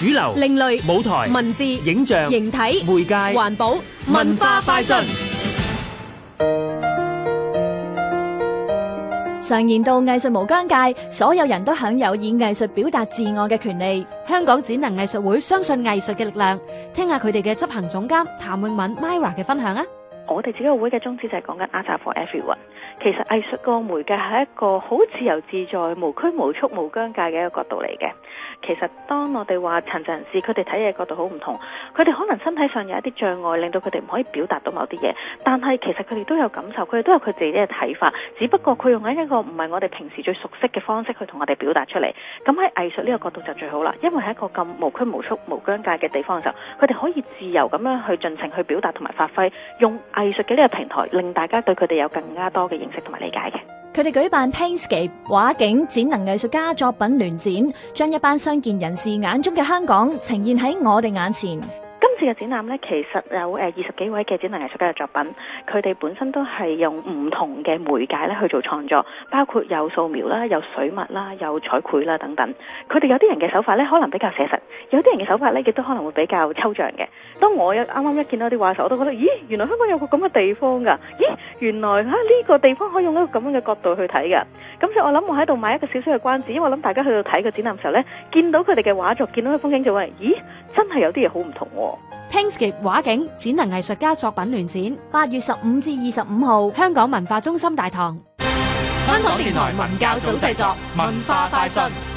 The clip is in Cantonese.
主流、另類舞台、文字、影像、形體、媒介、環保、文化快訊。常言道，藝術無疆界，所有人都享有以藝術表達自我嘅權利。香港展能藝術會相信藝術嘅力量，聽下佢哋嘅執行總監譚永敏 Myra 嘅分享吖。我哋自己個會嘅宗旨就係講緊 Art for Everyone。其實藝術個媒介係一個好自由自在、無拘無束、無疆界嘅一個角度嚟嘅。其實當我哋話殘疾人士，佢哋睇嘢角度好唔同，佢哋可能身體上有一啲障礙，令到佢哋唔可以表達到某啲嘢，但係其實佢哋都有感受，佢哋都有佢自己嘅睇法，只不過佢用緊一個唔係我哋平時最熟悉嘅方式去同我哋表達出嚟。咁喺藝術呢個角度就最好啦，因為係一個咁無拘無束、無疆界嘅地方嘅時候，佢哋可以自由咁樣去盡情去表達同埋發揮，用藝術嘅呢個平台令大家對佢哋有更加多嘅影響。同埋理解嘅，佢哋舉辦 Painscape 畫境展能藝術家作品聯展，將一班傷健人士眼中嘅香港呈現喺我哋眼前。展覽咧，其實有二十幾位嘅展覽藝術家嘅作品，佢哋本身都係用唔同嘅媒介咧去做創作，包括有素描啦、有水墨啦、有彩繪啦等等。佢哋有啲人嘅手法咧，可能比較寫實；有啲人嘅手法咧，亦都可能會比較抽象嘅。當我剛剛一啱啱一見到啲畫時候，我都覺得咦，原來香港有個咁嘅地方㗎！咦，原來喺呢個地方可以用一個咁樣嘅角度去睇㗎。咁所以，我諗我喺度買一個小小嘅關子，因為我諗大家去到睇個展覽時候咧，見到佢哋嘅畫作，見到個風景就，就話咦，真係有啲嘢好唔同喎。Pinkscape 畫景展能藝術家作品聯展，八月十五至二十五號，香港文化中心大堂。香港電台文教組製作，文化快訊。